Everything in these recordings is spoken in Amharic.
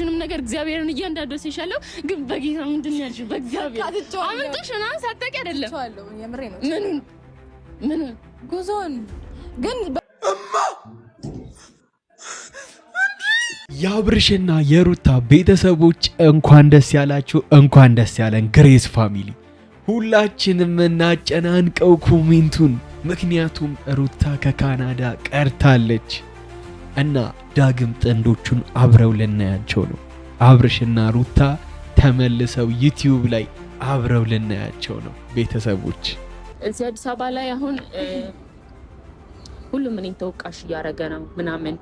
ያልሽንም ነገር እግዚአብሔርን እያንዳንዱ ሲሻለው ግን በጌታ ምንድን ነው ያልሽው? በእግዚአብሔር አምልጦሽ ምናምን ሳታውቂ አይደለም። ምኑን ምኑን ጉዞን ግን የአብርሽና የሩታ ቤተሰቦች እንኳን ደስ ያላችሁ፣ እንኳን ደስ ያለን ግሬስ ፋሚሊ። ሁላችንም እናጨናንቀው ኮሜንቱን፣ ምክንያቱም ሩታ ከካናዳ ቀርታለች እና ዳግም ጥንዶቹን አብረው ልናያቸው ነው። አብርሽና ሩታ ተመልሰው ዩቲዩብ ላይ አብረው ልናያቸው ነው። ቤተሰቦች እዚህ አዲስ አበባ ላይ አሁን ሁሉም እኔን ተወቃሽ እያደረገ ነው ምናምን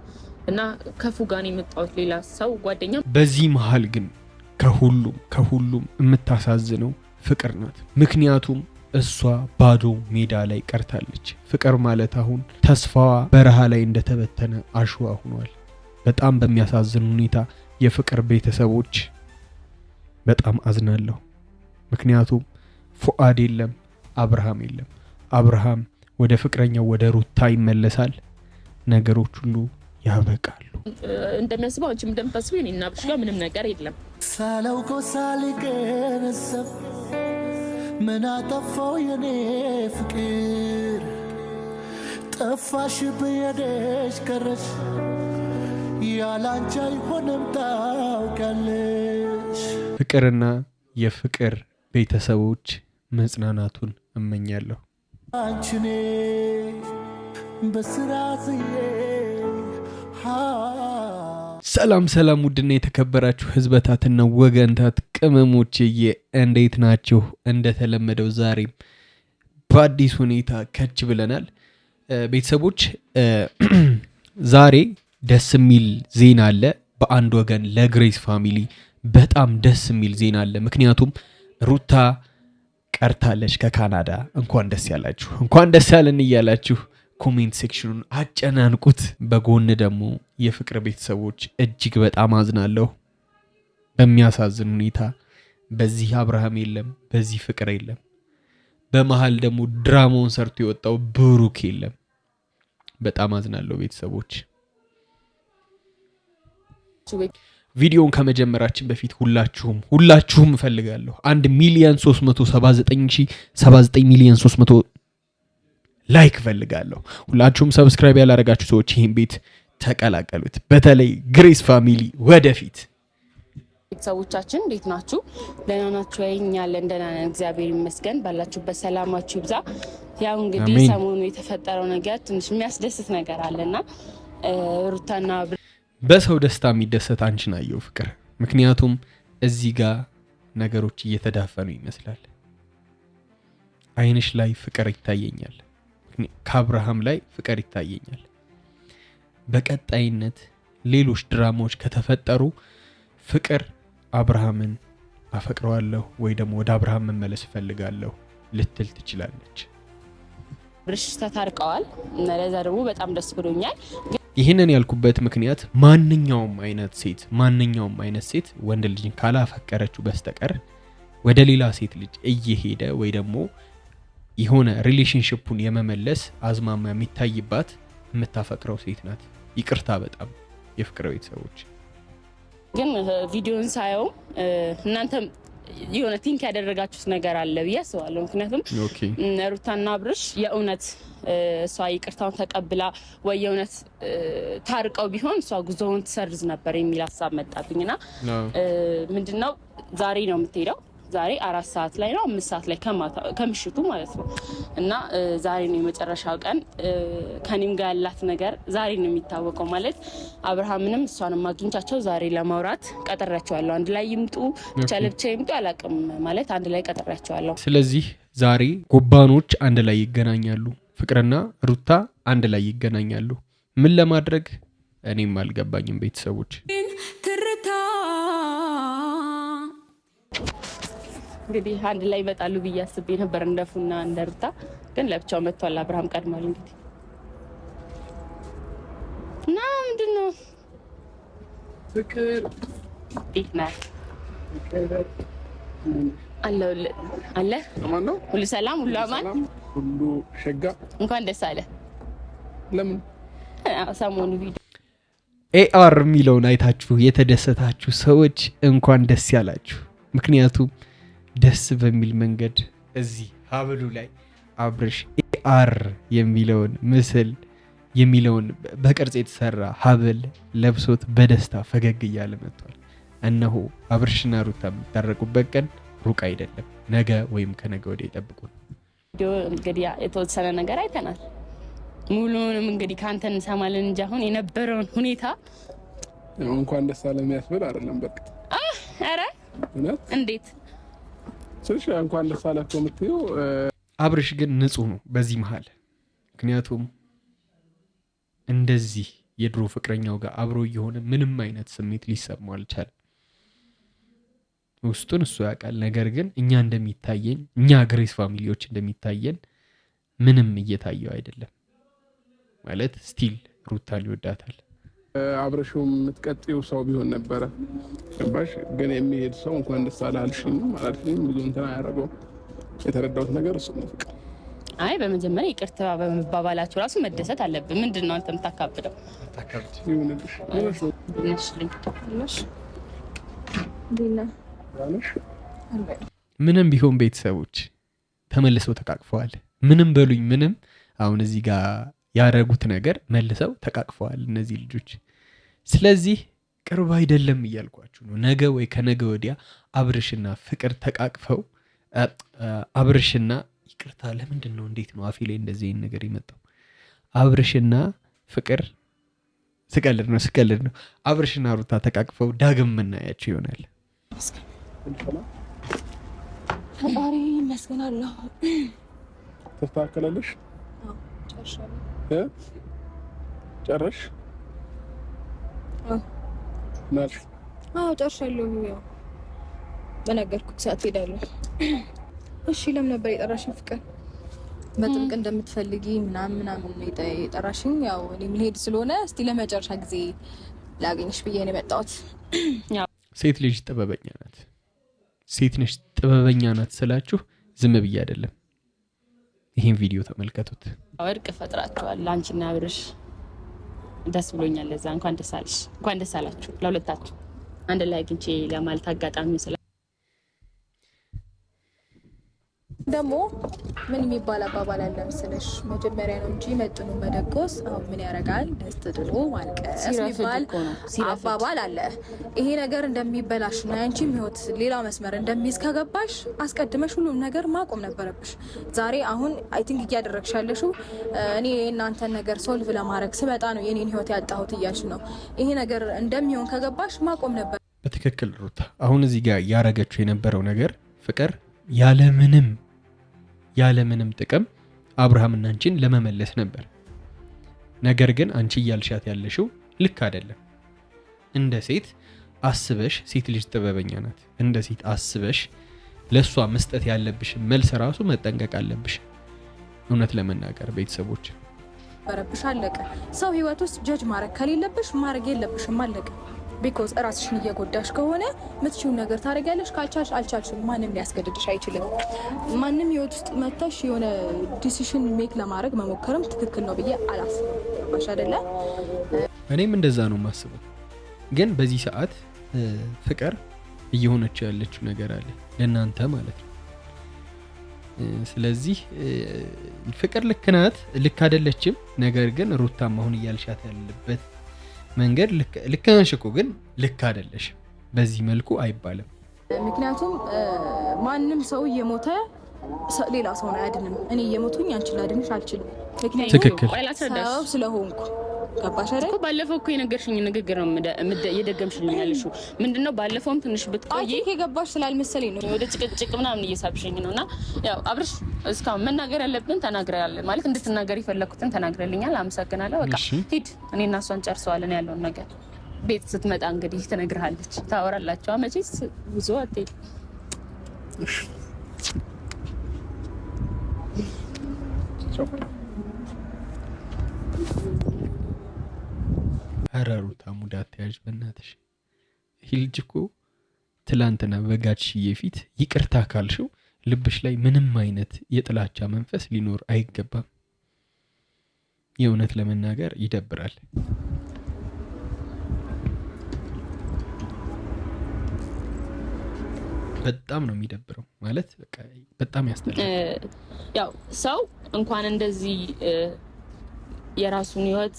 እና ከፉ ጋር የመጣሁት ሌላ ሰው ጓደኛ። በዚህ መሀል ግን ከሁሉም ከሁሉም የምታሳዝነው ፍቅር ናት። ምክንያቱም እሷ ባዶ ሜዳ ላይ ቀርታለች። ፍቅር ማለት አሁን ተስፋዋ በረሃ ላይ እንደተበተነ አሸዋ ሆኗል። በጣም በሚያሳዝን ሁኔታ የፍቅር ቤተሰቦች በጣም አዝናለሁ። ምክንያቱም ፉአድ የለም፣ አብርሃም የለም። አብርሃም ወደ ፍቅረኛው ወደ ሩታ ይመለሳል። ነገሮች ሁሉ ያበቃሉ። እንደሚያስበው አንቺም እንደምታስበው አብርሽ ጋር ምንም ነገር የለም። ሳላውቆ ምን አጠፋው የኔ ፍቅር ጠፋሽ ቀረሽ ያላንቺ አይሆንም ታውቃለች። ፍቅርና የፍቅር ቤተሰቦች መጽናናቱን እመኛለሁ። አንችኔ ሰላም ሰላም፣ ውድና የተከበራችሁ ህዝበታትና ወገንታት ቅመሞችዬ እንዴት ናችሁ? እንደተለመደው ዛሬም በአዲስ ሁኔታ ከች ብለናል ቤተሰቦች ዛሬ ደስ የሚል ዜና አለ። በአንድ ወገን ለግሬስ ፋሚሊ በጣም ደስ የሚል ዜና አለ። ምክንያቱም ሩታ ቀርታለች ከካናዳ። እንኳን ደስ ያላችሁ፣ እንኳን ደስ ያለን እያላችሁ ኮሜንት ሴክሽኑን አጨናንቁት። በጎን ደግሞ የፍቅር ቤተሰቦች እጅግ በጣም አዝናለሁ። በሚያሳዝን ሁኔታ በዚህ አብርሃም የለም፣ በዚህ ፍቅር የለም። በመሀል ደግሞ ድራማውን ሰርቶ የወጣው ብሩክ የለም። በጣም አዝናለሁ ቤተሰቦች። ቪዲዮውን ከመጀመራችን በፊት ሁላችሁም ሁላችሁም እፈልጋለሁ አንድ ሚሊዮን 379 ሚሊዮን 300 ላይክ እፈልጋለሁ። ሁላችሁም ሰብስክራይብ ያላረጋችሁ ሰዎች ይህን ቤት ተቀላቀሉት። በተለይ ግሬስ ፋሚሊ ወደፊት ቤተሰቦቻችን እንዴት ናችሁ? ደህና ናችሁ? ያይኛለን ደህና ነን፣ እግዚአብሔር ይመስገን። ባላችሁበት ሰላማችሁ ይብዛ። ያው እንግዲህ ሰሞኑ የተፈጠረው ነገር ትንሽ የሚያስደስት ነገር አለና ሩታና በሰው ደስታ የሚደሰት አንቺን አየሁ ፍቅር። ምክንያቱም እዚህ ጋር ነገሮች እየተዳፈኑ ይመስላል። አይንሽ ላይ ፍቅር ይታየኛል። ከአብርሃም ላይ ፍቅር ይታየኛል። በቀጣይነት ሌሎች ድራማዎች ከተፈጠሩ ፍቅር አብርሃምን አፈቅረዋለሁ ወይ ደግሞ ወደ አብርሃም መመለስ እፈልጋለሁ ልትል ትችላለች። ብርሽታ ተታርቀዋል ለዛ ደግሞ በጣም ደስ ብሎኛል። ይህንን ያልኩበት ምክንያት ማንኛውም አይነት ሴት ማንኛውም አይነት ሴት ወንድ ልጅን ካላፈቀረችው በስተቀር ወደ ሌላ ሴት ልጅ እየሄደ ወይ ደግሞ የሆነ ሪሌሽንሽፑን የመመለስ አዝማማ የሚታይባት የምታፈቅረው ሴት ናት። ይቅርታ በጣም የፍቅር ቤተሰቦች ግን ቪዲዮን ሳየው እናንተ የሆነ ቲንክ ያደረጋችሁት ነገር አለ ብዬ አስባለሁ። ምክንያቱም ሩታና ብርሽ የእውነት እሷ ይቅርታውን ተቀብላ ወይ የእውነት ታርቀው ቢሆን እሷ ጉዞውን ትሰርዝ ነበር የሚል ሀሳብ መጣብኝና ምንድነው ዛሬ ነው የምትሄደው ዛሬ አራት ሰዓት ላይ ነው አምስት ሰዓት ላይ ከምሽቱ ማለት ነው። እና ዛሬ ነው የመጨረሻው ቀን። ከኔም ጋር ያላት ነገር ዛሬ ነው የሚታወቀው ማለት አብርሃምንም እሷንም አግኝቻቸው ዛሬ ለማውራት ቀጠሪያቸዋለሁ። አንድ ላይ ይምጡ ብቻ ለብቻ ይምጡ አላውቅም ማለት አንድ ላይ ቀጠሪያቸዋለሁ። ስለዚህ ዛሬ ጎባኖች አንድ ላይ ይገናኛሉ። ፍቅርና ሩታ አንድ ላይ ይገናኛሉ። ምን ለማድረግ እኔም አልገባኝም። ቤተሰቦች ትርታ እንግዲህ አንድ ላይ ይመጣሉ ብዬ አስቤ ነበር እንደፉና እንደርታ ግን ለብቻው መጥቷል። አብርሃም ቀድሟል። እንግዲህ እና ምንድን ነው ፍቅር አለ ሁሉ ሰላም፣ ሁሉ አማን፣ ሁሉ ሸጋ። እንኳን ደስ አለ። ለምን ሰሞኑ ኤአር የሚለውን አይታችሁ የተደሰታችሁ ሰዎች እንኳን ደስ ያላችሁ። ምክንያቱም ደስ በሚል መንገድ እዚህ ሀብሉ ላይ አብርሽ ኤአር የሚለውን ምስል የሚለውን በቅርጽ የተሰራ ሀብል ለብሶት በደስታ ፈገግ እያለ መጥቷል። እነሆ አብርሽና ሩታ የሚታረቁበት ቀን ሩቅ አይደለም። ነገ ወይም ከነገ ወደ ይጠብቁ። እንግዲህ የተወሰነ ነገር አይተናል። ሙሉንም እንግዲህ ከአንተ እንሰማለን እንጂ አሁን የነበረውን ሁኔታ እንኳን ደስ አለ የሚያስብል አይደለም። ኧረ እንዴት ስልሽ እንኳን ደስ አላቸው የምትይው አብርሽ ግን ንጹህ ነው በዚህ መሀል። ምክንያቱም እንደዚህ የድሮ ፍቅረኛው ጋር አብሮ እየሆነ ምንም አይነት ስሜት ሊሰማው አልቻለም። ውስጡን እሱ ያውቃል። ነገር ግን እኛ እንደሚታየን እኛ ግሬስ ፋሚሊዎች እንደሚታየን ምንም እየታየው አይደለም ማለት ስቲል ሩታን ይወዳታል። አብረሽው የምትቀጥው ሰው ቢሆን ነበረ። ገባሽ? ግን የሚሄድ ሰው እንኳን ደስ አላልሽም አላልሽም ብዙ እንትን አያደርገው። የተረዳሁት ነገር እሱ ነው። አይ በመጀመሪያ ይቅርታ በመባባላቸው ራሱ መደሰት አለብን። ምንድን ነው አንተ የምታካብደው? ምንም ቢሆን ቤተሰቦች ተመልሰው ተቃቅፈዋል። ምንም በሉኝ ምንም አሁን እዚህ ጋር ያደረጉት ነገር መልሰው ተቃቅፈዋል እነዚህ ልጆች። ስለዚህ ቅርብ አይደለም እያልኳችሁ ነው። ነገ ወይ ከነገ ወዲያ አብርሽና ፍቅር ተቃቅፈው አብርሽና ይቅርታ፣ ለምንድን ነው እንዴት ነው አፊ ላይ እንደዚህ ነገር የመጣው? አብርሽና ፍቅር ስቀልድ ነው ስቀልድ ነው። አብርሽና ሩታ ተቃቅፈው ዳግም የምናያቸው ይሆናል። ፈጣሪ ይመስገን ትስተካከላለሽ ጨረሽ አዎ ጨርሻለሁ። ያው በነገርኩህ ሰዓት ሄዳለሁ። እሺ፣ ለምን ነበር የጠራሽኝ? ፍቅር በጥብቅ እንደምትፈልጊ ምናምን ምናምን የጠራሽኝ ያው እኔ የምሄድ ስለሆነ እስቲ ለመጨረሻ ጊዜ ላገኝሽ ብዬ ነው የመጣሁት። ሴት ልጅ ጥበበኛ ናት። ሴት ነች ጥበበኛ ናት ስላችሁ ዝም ብዬ አይደለም። ይህን ቪዲዮ ተመልከቱት። ወርቅ ፈጥራችኋል አንቺና አብርሽ ደስ ብሎኛል። ለዛ እንኳን ደስ አለሽ፣ እንኳን ደስ አላችሁ ለሁለታችሁ አንድ ላይ አግኝቼ ለማለት አጋጣሚ ደግሞ ምን የሚባል አባባል አለ መሰለሽ? መጀመሪያ ነው እንጂ መጥኑ መደቆስ አሁን ምን ያደርጋል ደስት ጥሎ ማልቀስ የሚባል አባባል አለ። ይሄ ነገር እንደሚበላሽ እና ያንቺም ሕይወት ሌላ መስመር እንደሚይዝ ከገባሽ አስቀድመሽ ሁሉም ነገር ማቆም ነበረብሽ። ዛሬ አሁን አይ ቲንክ እያደረግሽ ያለሽው እኔ የእናንተን ነገር ሶልቭ ለማድረግ ስመጣ ነው የኔን ህይወት ያጣሁት እያልሽ ነው። ይሄ ነገር እንደሚሆን ከገባሽ ማቆም ነበር። በትክክል ሩታ አሁን እዚህ ጋር እያረገችው የነበረው ነገር ፍቅር ያለምንም ያለምንም ጥቅም አብርሃምና አንቺን ለመመለስ ነበር። ነገር ግን አንቺ እያልሻት ያለሽው ልክ አይደለም። እንደ ሴት አስበሽ፣ ሴት ልጅ ጥበበኛ ናት። እንደ ሴት አስበሽ ለእሷ መስጠት ያለብሽ መልስ ራሱ መጠንቀቅ አለብሽ። እውነት ለመናገር ቤተሰቦች ረብሽ አለቀ። ሰው ህይወት ውስጥ ጀጅ ማድረግ ከሌለብሽ ማድረግ የለብሽም አለቀ። ቢኮዝ እራስሽን እየጎዳሽ ከሆነ ምትችውን ነገር ታደርጊያለሽ። ካልቻልሽ አልቻልሽም፣ ማንም ሊያስገድድሽ አይችልም። ማንም ህይወት ውስጥ መጥተሽ የሆነ ዲሲሽን ሜክ ለማድረግ መሞከርም ትክክል ነው ብዬ አላስብም። ባሽ አይደለ? እኔም እንደዛ ነው የማስበው። ግን በዚህ ሰዓት ፍቅር እየሆነች ያለችው ነገር አለ ለእናንተ ማለት ነው። ስለዚህ ፍቅር ልክ ናት፣ ልክ አይደለችም። ነገር ግን ሩታም አሁን እያልሻት ያለበት መንገድ ልክ ነሽ እኮ ግን ልክ አይደለሽ፣ በዚህ መልኩ አይባልም። ምክንያቱም ማንም ሰው እየሞተ ሌላ ሰውን አያድንም። እኔ እየሞቱኝ አንቺን ላድንሽ አልችልም፣ ምክንያቱም ስለሆንኩ ገባሽ አይደል? እኮ ባለፈው እኮ የነገርሽኝ ንግግር ነው የደገምሽልኝ ያለሽው ምንድን ነው? ባለፈውም ትንሽ ብትቆይ የገባሽ ስላልመሰለኝ ነው ወደ ጭቅጭቅ ምናምን እየሳብሽኝ ነው። እና ያው አብርሽ እስካሁን መናገር ያለብን ተናግረሃል፣ ማለት እንድትናገር የፈለኩትን ተናግረልኛል። አመሰግናለሁ። በቃ ሂድ፣ እኔ እና እሷን ጨርሰዋለን ያለውን ነገር። ቤት ስትመጣ እንግዲህ ትነግርሃለች፣ ታወራላችሁ። መቼስ ብዙ አትሄድ ሀራሩታ ሙድ አትያዥ በእናትሽ። ይህ ልጅ እኮ ትላንትና በጋች ሽዬ ፊት ይቅርታ ካልሽው ልብሽ ላይ ምንም አይነት የጥላቻ መንፈስ ሊኖር አይገባም። የእውነት ለመናገር ይደብራል። በጣም ነው የሚደብረው። ማለት በጣም ያስጠላል። ያው ሰው እንኳን እንደዚህ የራሱን ህይወት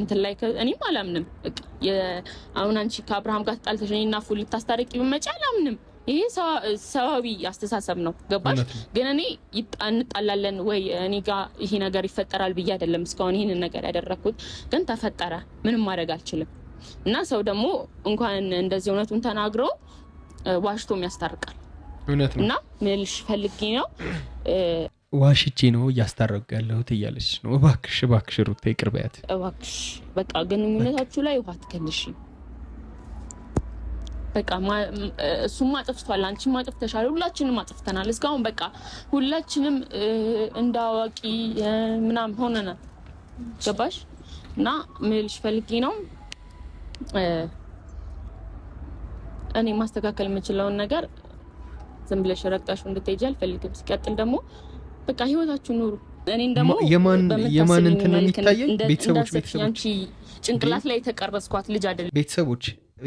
እንትን ላይ እኔም አላምንም። አሁን አንቺ ከአብርሃም ጋር ተጣልተሽ እኔና ፉል ልታስታርቂ ብመጪ አላምንም። ይሄ ሰዋዊ አስተሳሰብ ነው። ገባሽ? ግን እኔ እንጣላለን ወይ እኔ ጋር ይሄ ነገር ይፈጠራል ብዬ አይደለም እስካሁን ይህንን ነገር ያደረግኩት። ግን ተፈጠረ፣ ምንም ማድረግ አልችልም። እና ሰው ደግሞ እንኳን እንደዚህ እውነቱን ተናግሮ ዋሽቶም ያስታርቃል። እና ምልሽ ፈልጌ ነው ዋሽቼ ነው እያስታረቁ ያለሁት እያለች ነው። እባክሽ እባክሽ ሩታ ይቅር በያት እባክሽ። በቃ ግንኙነታችሁ ላይ ውሃ ትከልሽ በቃ እሱም አጥፍቷል፣ አንቺም አጥፍተሻል፣ ሁላችንም አጥፍተናል። እስካሁን በቃ ሁላችንም እንደ አዋቂ ምናምን ሆነናል። ገባሽ? እና ምልሽ ፈልጌ ነው እኔ ማስተካከል የምችለውን ነገር ዝም ብለሽ ረግጣሽ እንድትሄጂ አልፈልግም። ሲቀጥል ደግሞ በቃ ህይወታችሁ ኑሩ። እኔን ደግሞ የማን እንትን ነው የሚታየኝ? ቤተሰቦች ቤተሰቦች ጭንቅላት ላይ የተቀረጽኳት ልጅ አይደለም። ቤተሰቦች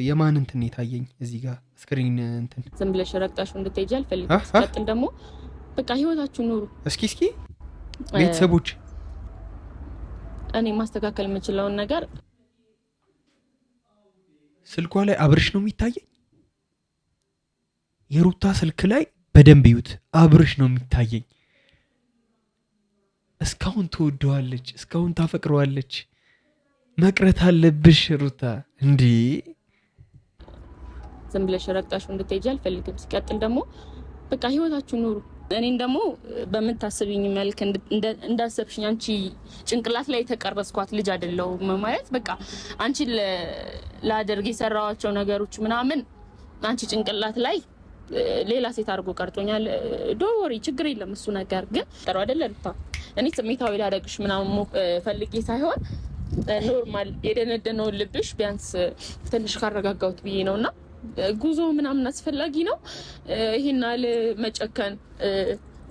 የማን እንትን የታየኝ እዚህ ጋር ስክሪን እንትን ዝም ብለሽ ረግጣሽ እንድትሄጂ አልፈልግም። ሲቀጥል ደግሞ በቃ ህይወታችሁ ኑሩ። እስኪ እስኪ ቤተሰቦች እኔ ማስተካከል የምችለውን ነገር ስልኳ ላይ አብርሽ ነው የሚታየኝ። የሩታ ስልክ ላይ በደንብ ይዩት፣ አብርሽ ነው የሚታየኝ። እስካሁን ትወደዋለች፣ እስካሁን ታፈቅረዋለች። መቅረት አለብሽ ሩታ። እንዲህ ዝም ብለሽ ረግጣሽው እንድትሄጂ አልፈልግም። ሲቀጥል ደግሞ በቃ ህይወታችሁ ኑሩ። እኔን ደግሞ በምታስብኝ መልክ እንዳሰብሽኝ አንቺ ጭንቅላት ላይ የተቀረጽኳት ልጅ አይደለሁም። ማለት በቃ አንቺ ላደርግ የሰራኋቸው ነገሮች ምናምን አንቺ ጭንቅላት ላይ ሌላ ሴት አድርጎ ቀርጦኛል። ዶንት ወሪ ችግር የለም እሱ ነገር ግን ጥሩ አይደለ ሩታ እኔ ስሜታዊ ላደርግሽ ምናምን ፈልጌ ሳይሆን ኖርማል የደነደነውን ልብሽ ቢያንስ ትንሽ ካረጋጋሁት ብዬ ነው እና ጉዞ ምናምን አስፈላጊ ነው። ይሄን ያህል መጨከን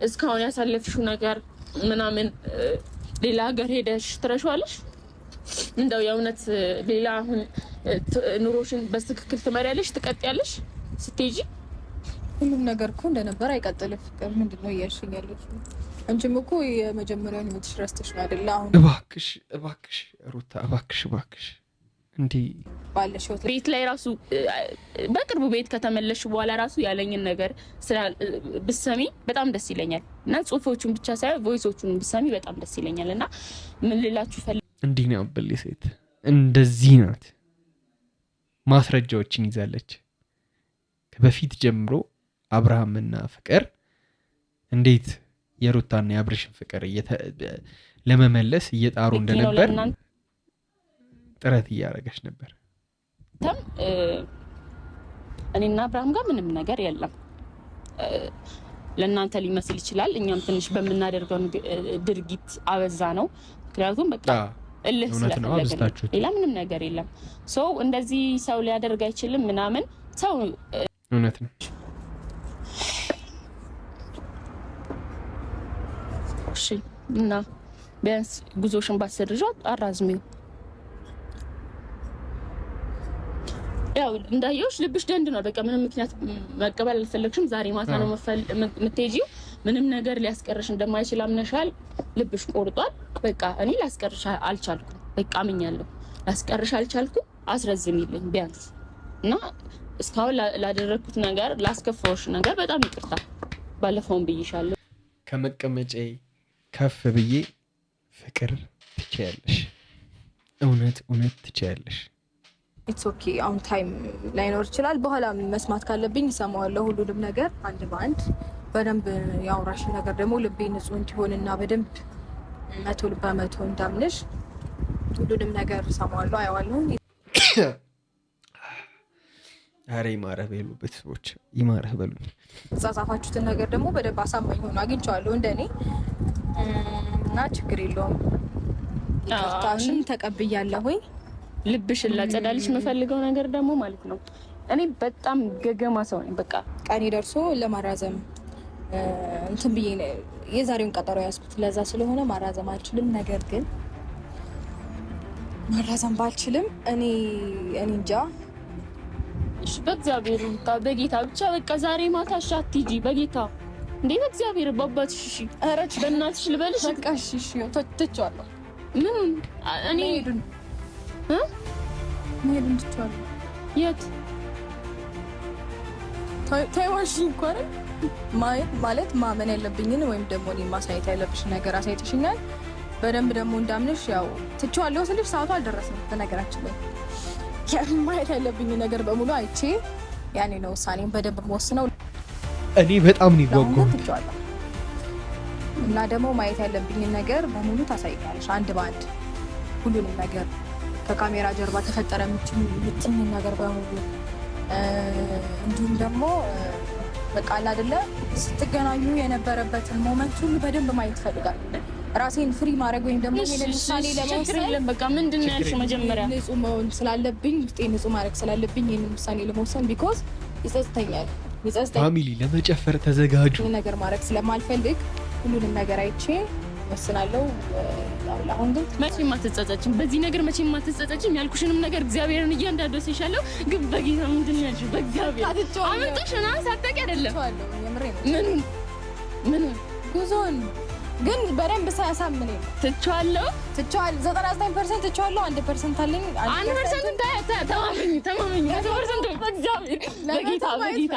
እስካሁን ያሳለፍሽው ነገር ምናምን ሌላ ሀገር ሄደሽ ትረሻዋለሽ። እንደው የእውነት ሌላ አሁን ኑሮሽን በትክክል ትመሪያለሽ፣ ትቀጥያለሽ ስትሄጂ ሁሉም ነገር እኮ እንደነበር አይቀጥልም። ፍቅር ምንድን ነው እያልሽኝ እንጂም እኮ የመጀመሪያውን ህይወትሽ ረስተሽ ነው አይደለ? አሁን እባክሽ እባክሽ ሩታ እባክሽ እባክሽ እንዲህ ባለሽ ቤት ላይ ራሱ በቅርቡ ቤት ከተመለሽ በኋላ ራሱ ያለኝን ነገር ብሰሚ በጣም ደስ ይለኛል እና ጽሁፎቹን ብቻ ሳይሆን ቮይሶቹን ብሰሚ በጣም ደስ ይለኛል እና ምን ልላችሁ ፈል እንዲህ ነው አበል ሴት እንደዚህ ናት። ማስረጃዎችን ይዛለች። ከበፊት ጀምሮ አብርሃምና ፍቅር እንዴት የሩታና የአብርሽን ፍቅር ለመመለስ እየጣሩ እንደነበር ጥረት እያደረገች ነበር። እኔና አብርሃም ጋር ምንም ነገር የለም። ለእናንተ ሊመስል ይችላል። እኛም ትንሽ በምናደርገው ድርጊት አበዛ ነው። ምክንያቱም በቃ እልህ ስለፈለግን ሌላ ምንም ነገር የለም። ሰው እንደዚህ ሰው ሊያደርግ አይችልም ምናምን ሰው እውነት ነው። እና ቢያንስ ጉዞሽን ባሰርዣት አራዝሚው። ያው እንዳየሽ ልብሽ ደንድ ነው። በቃ ምንም ምክንያት መቀበል አልፈለግሽም። ዛሬ ማታ ነው የምትሄጂው። ምንም ነገር ሊያስቀርሽ እንደማይችል አምነሻል። ልብሽ ቆርጧል። በቃ እኔ ላስቀርሽ አልቻልኩም። በቃ አምኛለሁ፣ ላስቀርሽ አልቻልኩም። አስረዝሚልኝ ቢያንስ እና እስካሁን ላደረግኩት ነገር ላስከፋዎች ነገር በጣም ይቅርታ። ባለፈውን ብይሻለሁ ከመቀመጫዬ ከፍ ብዬ ፍቅር ትችያለሽ፣ እውነት እውነት ትችያለሽ። ኢትስ ኦኬ። አሁን ታይም ላይኖር ይችላል። በኋላ መስማት ካለብኝ እሰማዋለሁ። ሁሉንም ነገር አንድ በአንድ በደንብ የአውራሽ ነገር ደግሞ ልቤ እንዲሆን እና በደንብ መቶ በመቶ እንዳምንሽ ሁሉንም ነገር እሰማዋለሁ፣ አየዋለሁን። አረ ይማረህ በሉ ቤተሰቦች፣ ይማረህ በሉ። ጻጻፋችሁትን ነገር ደግሞ በደንብ አሳማኝ ሆኖ አግኝቼዋለሁ እንደኔ እና ችግር የለውም። ይቅርታሽን ተቀብያለሁኝ። ልብሽን ላጸዳልሽ የምፈልገው ነገር ደግሞ ማለት ነው እኔ በጣም ገገማ ሰው ነኝ። በቃ ቀኔ ደርሶ ለማራዘም እንትን ብዬ የዛሬውን ቀጠሮ ያዝኩት ለዛ ስለሆነ ማራዘም አልችልም። ነገር ግን ማራዘም ባልችልም እኔ እኔ እንጃ እሺ፣ በእግዚአብሔር በጌታ ብቻ በቃ ዛሬ ማታ ሻት ሂጂ በጌታ እንዴ በእግዚአብሔር በአባትሽ እሺ፣ ኧረ በእናትሽ ልበልሽ። በቃ እሺ፣ እሺ፣ ትቼዋለሁ። ምን እኔ ሄዱን እ ሄዱን ትቼዋለሁ። የት ታይዋሽ እኮ ማየት ማለት ማመን ያለብኝን ወይም ደግሞ እኔ ማሳየት ያለብሽ ነገር አሳይተሽኛል። በደንብ ደግሞ እንዳምንሽ ያው ትቼዋለሁ ስልሽ ሰዓቱ አልደረሰም በነገራችን ላይ ማየት ያለብኝ ነገር በሙሉ አይቼ ያኔ ነው ውሳኔን በደንብ መወስነው። እኔ በጣም ነው ይጓጓሁት እና ደግሞ ማየት ያለብኝን ነገር በሙሉ ታሳይኛለሽ፣ አንድ በአንድ ሁሉንም ነገር ከካሜራ ጀርባ ተፈጠረ የምትይኝን ነገር በሙሉ እንዲሁም ደግሞ በቃ አይደለ ስትገናኙ የነበረበትን ሞመንት ሁሉ በደንብ ማየት ይፈልጋል። ራሴን ፍሪ ማድረግ ወይም ደግሞ ምሳሌ ለመውሰድ በቃ ምንድን ነው ያልሽው? መጀመሪያ ንጹህ መሆን ስላለብኝ ውስጤ ንጹህ ማድረግ ስላለብኝ ይህንን ምሳሌ ለመውሰን ቢኮዝ ይጸጽተኛል። ፋሚሊ ለመጨፈር ተዘጋጁ። ይህ ነገር ማድረግ ስለማልፈልግ ሁሉንም ነገር አይቼ ወስናለሁ። አሁን ግን መቼም አትጸጸችም፣ በዚህ ነገር መቼም አትጸጸችም። ያልኩሽንም ነገር እግዚአብሔርን እያንዳንዱ ሲሻለው ግን በጌታ ምንድን ያልሽው በእግዚአብሔር አምንቶሽና ሳጠቅ አይደለም ምኑን ምኑን ጉዞን ግን በደንብ ሳያሳምን ትቼዋለሁ። ትቼዋለሁ ዘጠና ዘጠኝ ፐርሰንት ትቼዋለሁ። አንድ ፐርሰንት አለኝ። አንድ ፐርሰንት ተማመኝ፣ ተማመኝ። መቶ ፐርሰንት በእግዚአብሔር በጌታ በጌታ